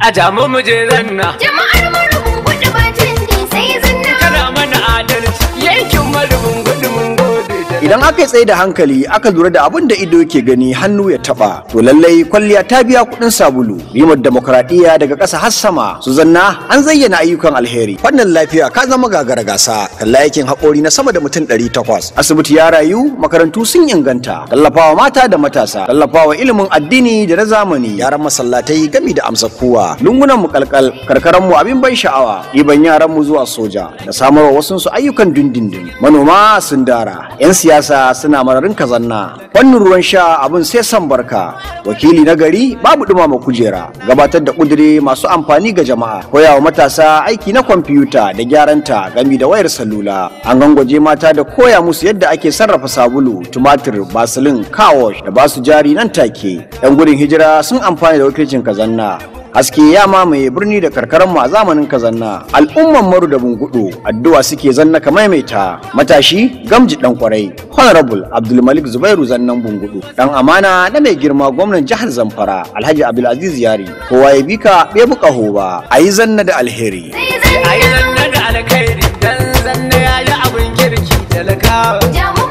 a jamu mu je zanna idan aka tsaye da hankali aka lura da abin da ido yake gani hannu ya taba to lallai kwalliya ta biya kuɗin sabulu rimar demokradiyya daga ƙasa har sama su zanna an zayyana ayyukan alheri fannin lafiya ka zama gagara gasa kalla yakin haƙori na sama da mutum takwas. asibiti ya rayu makarantu sun inganta tallafawa mata da matasa tallafawa ilimin addini da na zamani yaran masallatai gami da amsa kuwa lungunan mu kalkal karkaran mu abin ban sha'awa ɗiban yaran mu zuwa soja da samarwa wasu su ayyukan dindindin manoma sun dara 'yan siyasa siyasa suna mararin kazanna fannin ruwan sha abin sai san barka wakili na gari babu dumama kujera gabatar da kudure masu amfani ga jama'a koyawa matasa aiki na kwamfuta da gyaranta gami da wayar salula an gangwaje mata da koya musu yadda ake sarrafa sabulu tumatir basilin kawosh da basu jari nan take yan gudun hijira sun amfani da wakilcin kazanna haske ya mamaye birni da mu a zamanin kazanna al'umman maru da bungudu addu'a suke zanna ka maimaita matashi gamji dan kwarai honorable abdulmalik zubairu zannan bungudu dan amana na mai girma gwamnan jihar zamfara alhaji abdulaziz yari kowa ya bika bai buka hoba a yi zanna da alheri zanna da alheri dan zanna ya yi abin kirki talakawa